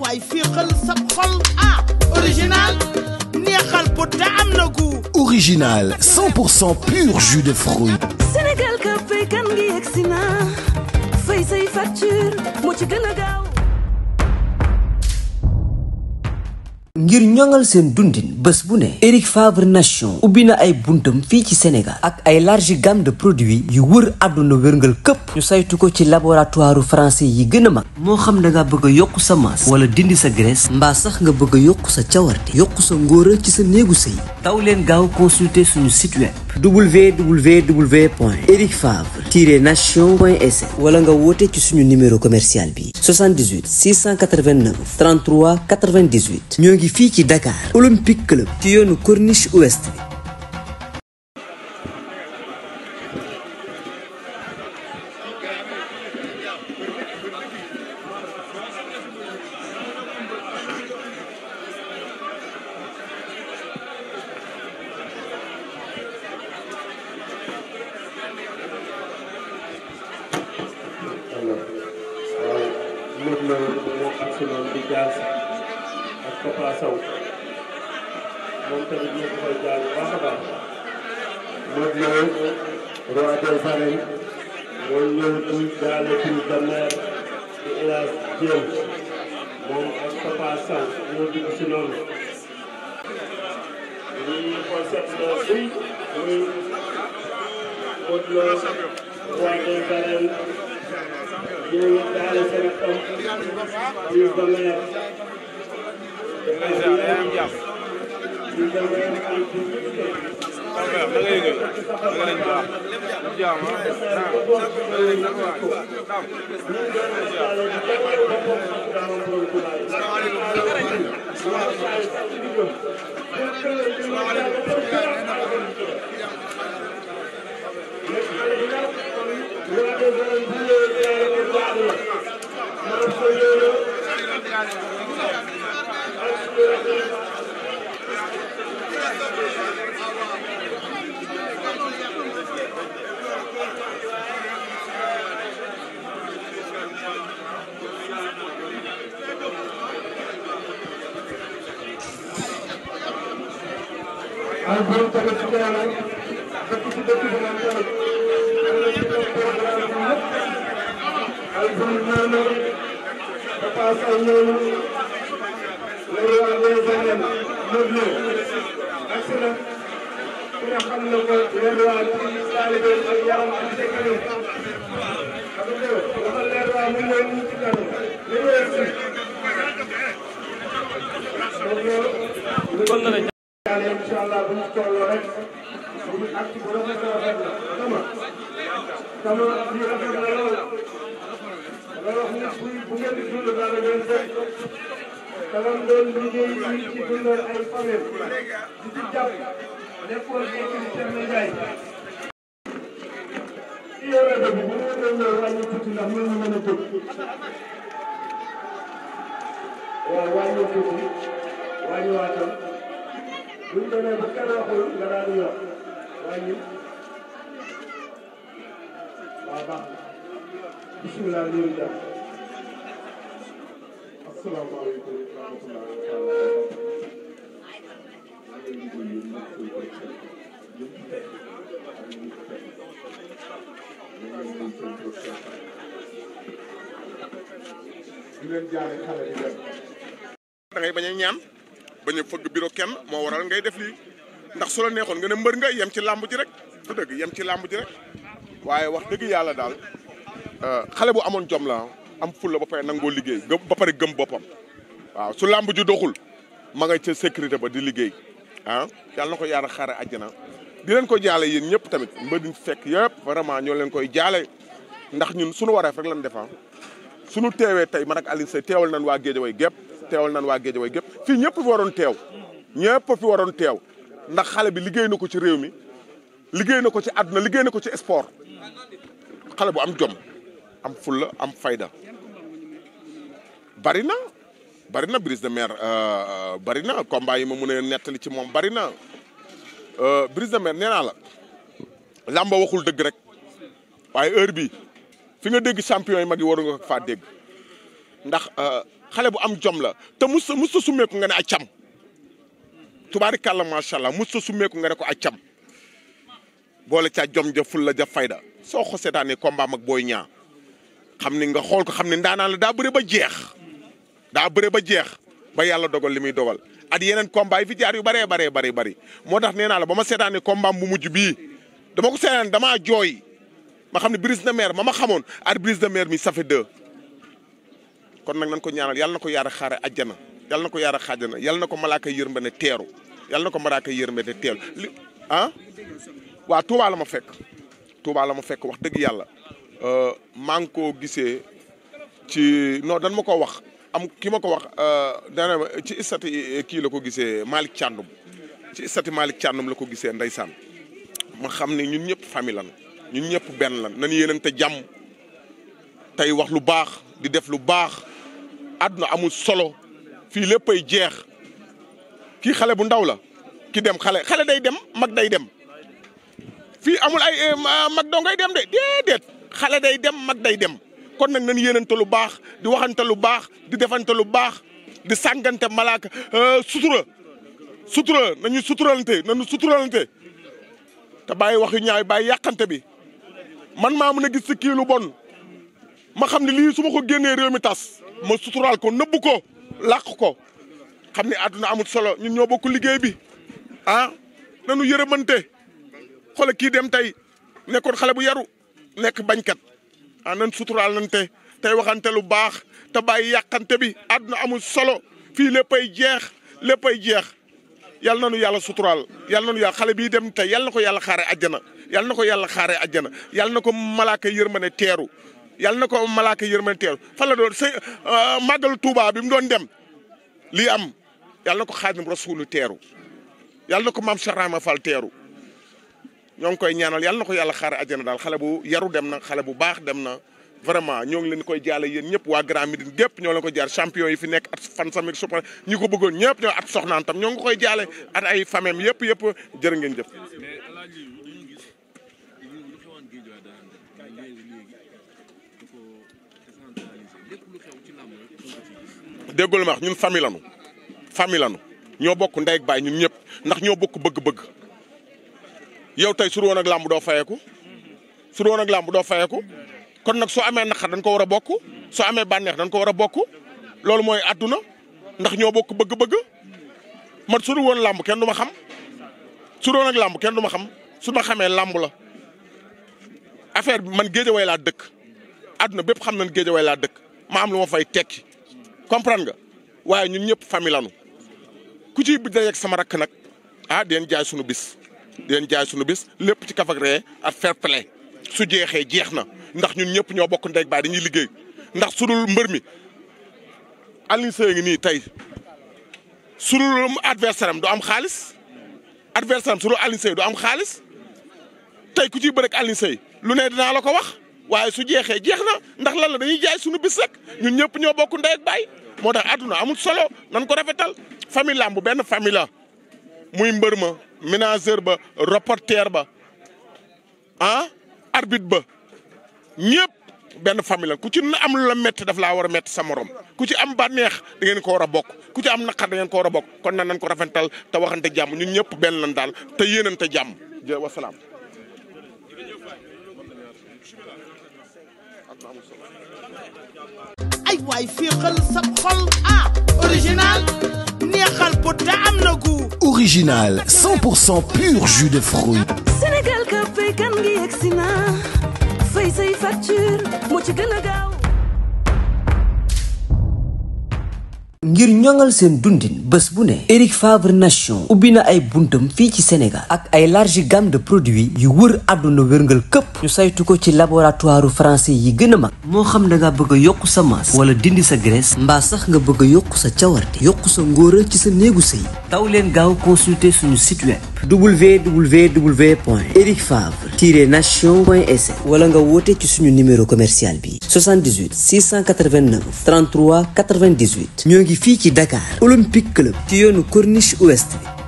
waay fii xal ah, original neexal bu te am na original pur jus de fruits Sénégal ka fay kan ngi yegsi fay say facture ngir ñoŋal seen dundin bés bu ne Eric Favre Nation ubbi na ay buntam fii ci Sénégal ak ay large gamme de produits yu wër àdduna wërngal këpp ñu saytu ko ci laboratoire français yi gën a mag moo xam da nga bëgg a yokk sa masse wala dindi sa graisse mbaa sax nga bëgg a yokk sa cawarte yokk sa ngóora ci sa néegu sëy daw leen gaaw consulter suñu site www point Eric Favre tiret nation point sn wala nga woote ci suñu numéro commercial bi 78 689 33 ñoo ngi fii ci Dakar Olympique Club ci yoonu Corniche Ouest bi Modou Lo moo ak sunoon di jaas ak Papa Sow moom tamit ñoo ko koy jaal baax a baax Modou Lo roi des arènes mooy ñëw di jaale ci dammeer di Elas Dieng moom ak Papa Sow ñoo dugg si noonu ñuy concept bi muy Modou Lo roi des arènes ñëw daale seen tom prise de l'air prise de l'air en publicité Thank you. ay góor tamit ci teew nañ dëkk ci dëkk bi nag tamit am na ci ay programme bi ñëpp ay góor naanu papaas ay ñooñu lay waa les années meublé ak si nag ku ne xam na ko leer waa ci taalibe ak yaram ak ci kanam xam nga dafa leer waa mu ñëw ñu ci kanam li ñu yegsi xale incha allah bu ñu tolloo rek bu ñu acte bu rafet rafet la sama sama ñu rafet la lool loolu nit bu bu ngeen di dund dara ngeen fekk dama doon liggéey bi ci dundal ay famille di ci jàpp nekkoon équipe Thierno Ndiaye. ci yore dëgg bu ngeen doon ñëw wàññi tuuti ndax mën na mën a jóg waaw wàññi tuuti wàññi waatam buñ demee ba kenn waxul nga daal di yor waaye ñun waaw baax na bisimilah ñu ngi jàpp asalaamaaleykum wa rahmatulah di leen jaare xale di dem da ngay bañ a ñaan bañ a fëgg kenn moo waral ngay def lii ndax su la neexoon nga ne mbër nga yem ci làmb ji rek su dëgg yem ci làmb ji rek waaye wax dëgg yàlla daal euh, xale bu amoon jom la am fulla ba pare nangoo liggéey ba pare gëm boppam waaw su làmb ji doxul ma nga ca sécurité ba di liggéey ah yàlla na ko yaara xaare àjjana di leen ko jaale yéen ñëpp tamit mbër diñ fekk yëpp vraiment ñoo leen koy jaale ndax ñun suñu wareef rek lañ defa ah. suñu teewee tey man ak Alioune Seye teewal nañ waa Guédiawaye gépp teewal nañ waa Guédiawaye gépp fii ñëpp fi waroon teew ñëpp fi waroon teew ndax xale bi liggéey na ko ci réew mi liggéey na ko ci àdduna liggéey na ko ci sport xale bu am jom am fulla am fayda bari na bari na Brise de Mer euh, euh, bari na combat yi ma mun nettali ci moom bari na euh, Brise de Mer nee la làmba waxul dëgg rek waaye heure bi fi nga dégg champion yi mag yi waru nga dégg ndax xale bu am jom la te mus sa mus sa summeeku nga ne accam tubaarikàlla macha allah mus sa summeeku nga ne ko accam boole caa jom ja ful la ja fayda soo ko seetaanee combat mag booy ñaa xam ni nga xool ko xam ne ndaanaan la daa bëre ba jeex daa bëre ba jeex ba yàlla dogol li muy dogal at yeneen combat yi fi jaar yu bëree baree bëri bëri moo tax nee naa la ba ma seetaanee combat mu mujj bii dama ko seetaan damaa jooy ma xam ne brise de mer ma ma xamoon at brise de mer mi ça kon nag nañ ko ñaanal yàlla na ko yaara xaare ajjana yàlla na ko yaara xaajana yàlla na ko malaaka yërmba ne teeru yàlla na ko malaaka yërmba ne teeru li ah waaw Touba la ma fekk Touba la ma fekk wax dëgg yàlla euh, maa ngi koo gisee ci non dan ma ko wax am ki ma ko wax euh, dana ci istati kii la ko gisee Malick Thiandoum ci istati Malick Thiandoum la ko gisee ndeysaan ma xam ne ñun ñëpp famille lan ñun ñëpp benn lan nan yéenante jàmm tey wax lu baax di def lu baax àdduna amul solo fii léppay jeex kii xale bu ndaw la ki dem xale xale day dem mag day dem fii amul ay eh, mag doo dem de déedéet xale day dem mag day dem kon nag nañ yéenante lu baax di waxante lu baax di defante lu baax di sàngante malaaka eh, sutura sutura nañu suturalante nañu suturalante te bàyyi wax yu ñaaw bàyyi yàqante bi man maa mën a gis si kii lu bon ma xam ni lii su ma ko génnee réew mi tas moo suturaal ko nëbb ko làq ko xam ne àdduna amul solo ñun ñoo bokk liggéey bi ah nanu yërëmante xoole kii dem tey nekkoon xale bu yaru nekk bañkat ah nan suturaal nan te tey waxante lu baax te bàyyi yàqante bi àdduna amul solo fii léppay jeex léppay jeex yal na nu yàlla suturaal yal na nu yàlla xale bii dem tey yal na ko yàlla xaare àjjana yal na ko yàlla xaare àjjana yàlla na ko malaaka yërmane teeru yàlla na ko malaaka yërmande teeru fan la doon sëñ euh, màggalu Touba bi mu doon dem lii am yàlla na ko xaadim rasuulu teeru yàlla na ko maam Cheikh Rahma Fall teeru ñoo ngi koy ñaanal yàlla na ko yàlla xaar àjjana daal xale bu yaru dem na xale bu baax dem na vraiment ñoo ngi leen koy jaale yéen ñëpp waa Grand Médine gépp ñoo leen koy jaar champion yi fi nekk at fan samir supa ñi ko bëggoon ñëpp ñoo at soxnaan ñoo ngi koy jaale at ay famem yëpp yëpp jërë ngeen jëf déggul ma wax ñun famille lanu ñoo bokk ndey ak baay ñun ñëpp ndax ñoo bokk bëgg-bëgg yow tey sur woon làmb doo fayeeku sur woon làmb doo fayeeku kon nag soo amee naqar dañ ko war a bokk soo amee bànneex dañ ko war a bokk loolu mooy àdduna ndax ñoo bokk bëgg-bëgg man su woon làmb kenn du ma xam su woon ak kenn du xam su ma xamee làmb la affaire bi man géejawaay laa dëkk àdduna bépp xam nañ géejawaay laa dëkk ma am lu ma fay tekki comprendre nga waaye ñun ñëpp famille lanu ku ci bi dajeeg sama rakk nag ah deen jaay sunu bis deen jaay sunu bis lépp ci kafak ree ak fair su jeexee jeex na ndax ñun ñëpp ñoo bokk ndeg baay dañuy liggéey ndax sudul mbër mi Alioune Seye ngi nii tey sudul adversaire am du am xaalis adversaire am sudul Alioune du am xaalis tey ku ciy bëreeg Alioune lu ne dinaa la ko wax waaye su jeexee jeex na ndax lan na dañuy jaay suñu bis rek ñun ñëpp ñoo bokk ndey ak baay moo tax àdduna amul solo nan ko rafetal famille làmb benn famille la muy mbër ma manager ba reporter ba ah arbitre ba ñëpp benn famille la ku ci na am lu la métti daf laa war a métti sa morom ku ci am bànneex da ngeen ko war a bokk ku ci am naqar da ngeen ko war a bokk kon na nan ko rafetal te waxante jàmm ñun ñëpp benn lan daal te yéenante jàmm jërëjëf wasalaam ay waay féexal sa xol ah original neexal bu te am na gu original 100 pour cent pur jus de fruits Sénégal ka fay kan ngi yegsi na fay say facture moo ci gën a gaaw ngir ñoŋal seen dundin bés bu ne Eric Favre Nation ubbi na ay buntam fii ci Sénégal ak ay large gamme de produits yu wër àdduna wërngal këpp ñu saytu ko ci laboratoire français yi gën a mag moo xam da nga bëgg a yokk sa masse wala dindi sa graisse mba sax nga bëgg a yokk sa cawarte yokk sa ngóora ci sa néegu sëy taw leen gaaw consulter suñu site web www point Eric Favre tiret nation point sn wala nga woote ci suñu numéro commercial bi 78 689 33 ñoo ngi fii ci Dakar Olympique Club ci yoonu corniche ouest